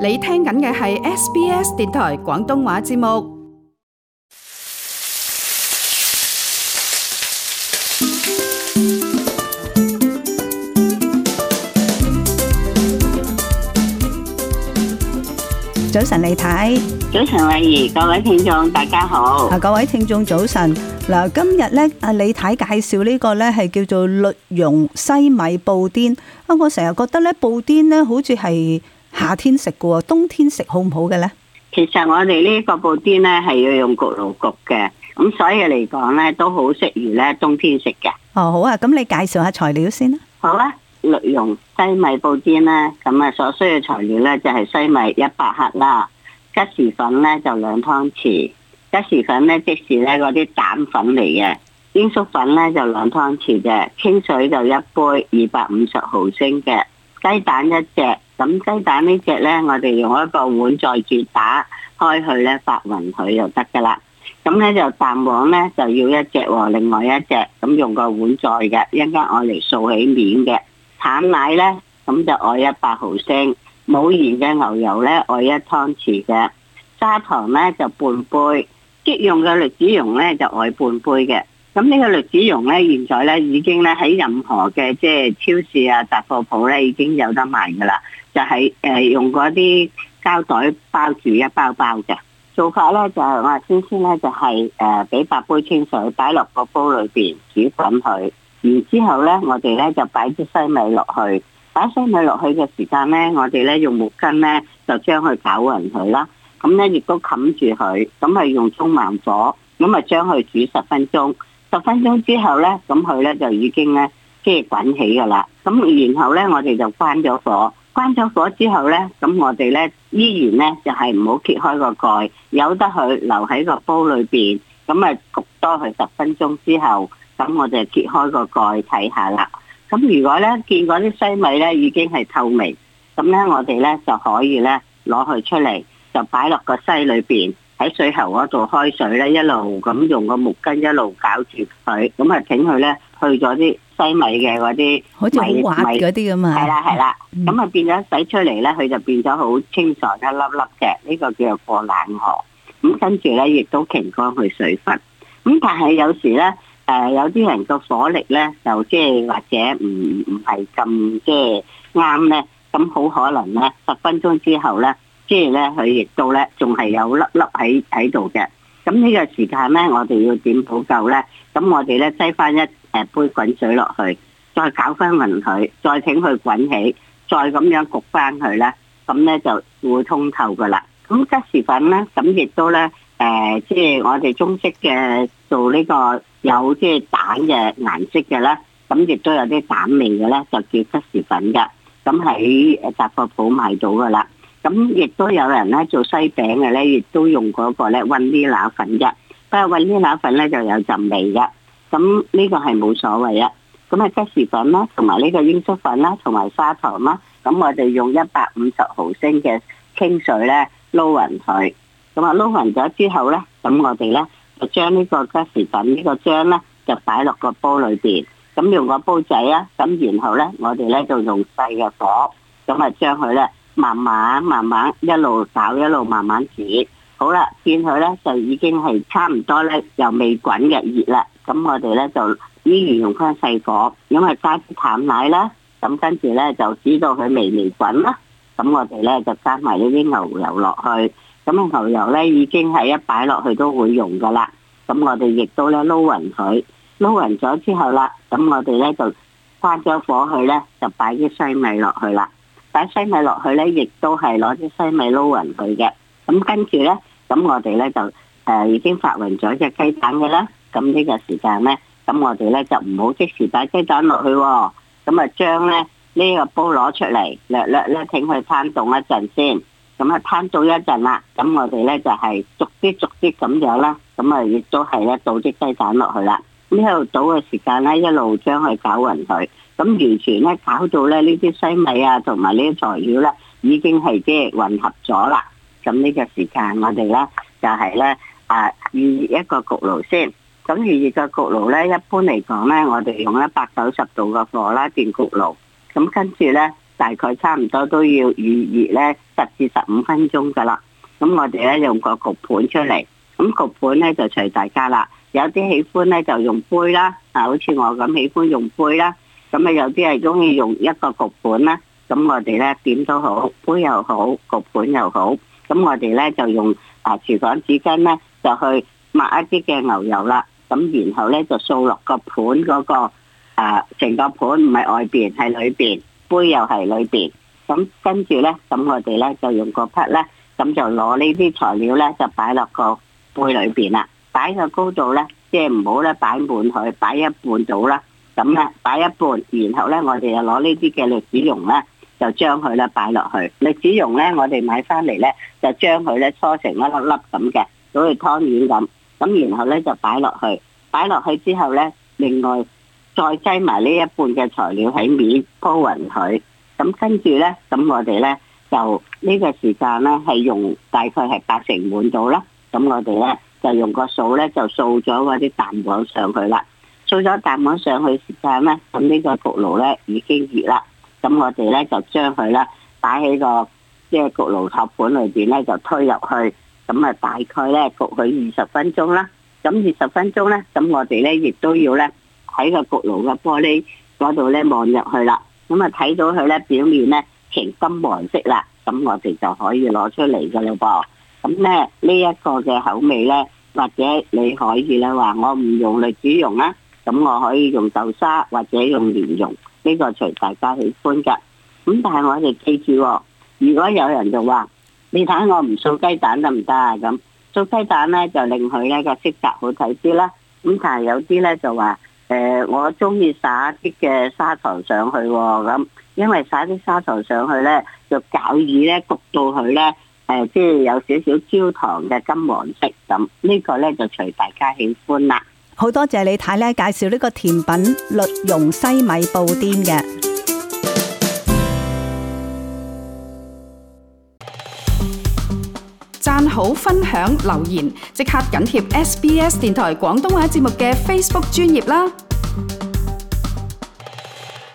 你聽緊嘅係 SBS 電台廣東話節目。早晨李太，早晨慧怡，各位聽眾大家好。啊，各位聽眾早晨。嗱，今日咧，阿李太介紹呢個咧係叫做栗茸西米布甸。啊，我成日覺得咧布甸咧好似係。夏天食過，冬天食好唔好嘅咧？其實我哋呢個布丁咧係要用焗爐焗嘅，咁所以嚟講咧都好適宜咧冬天食嘅。哦，好啊，咁你介紹下材料先啦。好啦、啊，用西米布丁咧，咁啊所需嘅材料咧就係西米一百克啦，吉士粉咧就兩湯匙，吉士粉咧即是咧嗰啲蛋粉嚟嘅，鷹粟粉咧就兩湯匙嘅，清水就一杯二百五十毫升嘅，雞蛋一隻。咁雞蛋呢隻呢，我哋用一個碗再住打開佢呢發匀佢就得噶啦。咁呢就蛋黃呢，就要一隻喎，另外一隻咁用個碗再嘅，一陣我嚟掃起面嘅。淡奶呢，咁就愛一百毫升，冇鹽嘅牛油呢，愛一湯匙嘅砂糖呢，就半杯，即用嘅栗子蓉呢，就愛半杯嘅。咁呢個栗子蓉呢，現在呢已經呢喺任何嘅即係超市啊雜貨鋪呢，已經有得賣噶啦。就係誒用嗰啲膠袋包住一包包嘅做法咧就我哋先先咧就係誒俾八杯清水擺落個煲裏邊煮滾佢，然之後咧我哋咧就擺啲西米落去，擺西米落去嘅時間咧我哋咧用木跟咧就將佢攪匀佢啦，咁咧亦都冚住佢，咁咪用中慢火，咁咪將佢煮十分鐘，十分鐘之後咧咁佢咧就已經咧即係滾起噶啦，咁然後咧我哋就關咗火。關咗火之後呢，噉我哋呢依然呢，就係唔好揭開個蓋，由得佢留喺個煲裏面，噉焗多佢十分鐘之後，噉我哋揭開個蓋，睇下啦。噉如果呢見嗰啲西米呢已經係透明，噉呢我哋呢就可以呢攞佢出嚟，就擺落個西裏面，喺水喉嗰度開水呢，一路噉用個木棍一路攪住佢，噉請佢呢去咗啲洗米嘅嗰啲米米嗰啲咁嘛，係啦係啦，咁啊米、嗯、變咗洗出嚟咧，佢就變咗好清爽一粒一粒嘅，呢、這個叫做過冷河。咁跟住咧，亦都傾乾去水分。咁但係有時咧，誒有啲人個火力咧，就即係或者唔唔係咁即係啱咧。咁好可能咧，十分鐘之後咧，即係咧佢亦都咧仲係有粒粒喺喺度嘅。咁呢個時間咧，我哋要點補救咧？咁我哋咧擠翻一。誒，杯滾水落去，再攪翻匀佢，再請佢滾起，再咁樣焗翻佢咧，咁咧就會通透噶啦。咁吉士粉咧，咁亦都咧，誒、呃，即係我哋中式嘅做呢、這個有即係蛋嘅顏色嘅咧，咁亦都有啲蛋味嘅咧，就叫吉士粉嘅。咁喺誒雜貨鋪買到噶啦。咁亦都有人咧做西餅嘅咧，亦都用嗰個咧雲呢拿粉嘅，不過雲呢拿粉咧就有陣味嘅。咁呢個係冇所謂啊！咁啊吉士粉啦，同埋呢個鷹粟粉啦，同埋砂糖啦。咁我哋用，用一百五十毫升嘅清水咧撈匀佢。咁啊撈匀咗之後咧，咁我哋咧就將呢個吉士粉呢個漿咧就擺落個煲裏邊。咁用個煲仔啊，咁然後咧我哋咧就用細嘅火，咁啊將佢咧慢慢慢慢一路搞，一路慢慢煮。好啦，見佢咧就已經係差唔多咧，又未滾嘅熱啦。咁我哋咧就依然用翻細火，因為加啲淡奶啦。咁跟住咧就煮到佢微微滾啦。咁我哋咧就加埋呢啲牛油落去。咁牛油咧已經係一擺落去都會溶噶啦。咁我哋亦都咧撈勻佢，撈勻咗之後啦，咁我哋咧就關咗火去咧，就擺啲西米落去啦。擺西米落去咧，亦都係攞啲西米撈勻佢嘅。咁跟住咧。咁我哋咧就誒已經發匀咗隻雞蛋嘅啦。咁呢個時間咧，咁我哋咧就唔好即時擺雞蛋落去。咁啊將咧呢個煲攞出嚟，略略咧請佢攤凍一陣先。咁啊攤凍一陣啦，咁我哋咧就係逐啲逐啲咁樣啦。咁啊亦都係咧倒啲雞蛋落去啦。咁一度倒嘅時間咧，一路將佢攪匀佢。咁完全咧搞到咧呢啲西米啊同埋呢啲材料咧，已經係即係混合咗啦。咁呢個時間我哋咧就係咧啊預熱一個焗爐先。咁預熱個焗爐咧，一般嚟講咧，我哋用一百九十度嘅火啦，電焗爐。咁跟住咧，大概差唔多都要預熱咧十至十五分鐘噶啦。咁我哋咧用個焗盤出嚟，咁焗盤咧就隨大家啦。有啲喜歡咧就用杯啦，啊，好似我咁喜歡用杯啦。咁啊，有啲係中意用一個焗盤啦。咁我哋咧點都好，杯又好，焗盤又好。咁我哋咧就用啊廚房紙巾咧就去抹一啲嘅牛油啦，咁然後咧就掃落個盤嗰、個啊成、呃、個盤唔係外邊係裏邊，杯又係裏邊，咁跟住咧咁我哋咧就用個筆咧咁就攞呢啲材料咧就擺落個杯裏邊啦，擺個高度咧即係唔好咧擺滿佢，擺、就是、一半到啦，咁啊擺一半，然後咧我哋就攞呢啲嘅栗子蓉咧。就將佢咧擺落去，你只蓉咧我哋買翻嚟咧就將佢咧搓成一粒粒咁嘅，好似湯圓咁，咁然後咧就擺落去，擺落去之後咧，另外再擠埋呢一半嘅材料喺面鋪匀佢，咁跟住咧，咁我哋咧就呢個時間咧係用大概係八成滿度啦，咁我哋咧就用個掃咧就掃咗嗰啲蛋黃上去啦，掃咗蛋黃上去時間咧，咁呢個焗爐咧已經熱啦。咁我哋咧就將佢咧擺喺個即係焗爐托盤裏邊咧就推入去，咁啊大概咧焗佢二十分鐘啦。咁二十分鐘咧，咁我哋咧亦都要咧喺個焗爐嘅玻璃嗰度咧望入去啦。咁啊睇到佢咧表面咧呈金黃色啦，咁我哋就可以攞出嚟噶啦噃。咁咧呢一個嘅口味咧，或者你可以咧話我唔用栗子蓉啊，咁我可以用豆沙或者用蓮蓉。呢個隨大家喜歡㗎，咁但係我哋記住，哦，如果有人就話，你睇我唔掃雞蛋得唔得啊？咁掃雞蛋咧就令佢咧個色澤好睇啲啦。咁但係有啲咧就話，誒、呃、我中意灑啲嘅砂糖上去喎、哦。咁因為灑啲砂糖上去咧，就攪耳咧焗到佢咧，誒即係有少少焦糖嘅金黃色咁。這個、呢個咧就隨大家喜歡啦。好多謝李太呢介紹呢個甜品「栗蓉西米布甸」嘅。讚好分享留言，即刻緊貼 SBS 電台廣東話節目嘅 Facebook 專頁啦。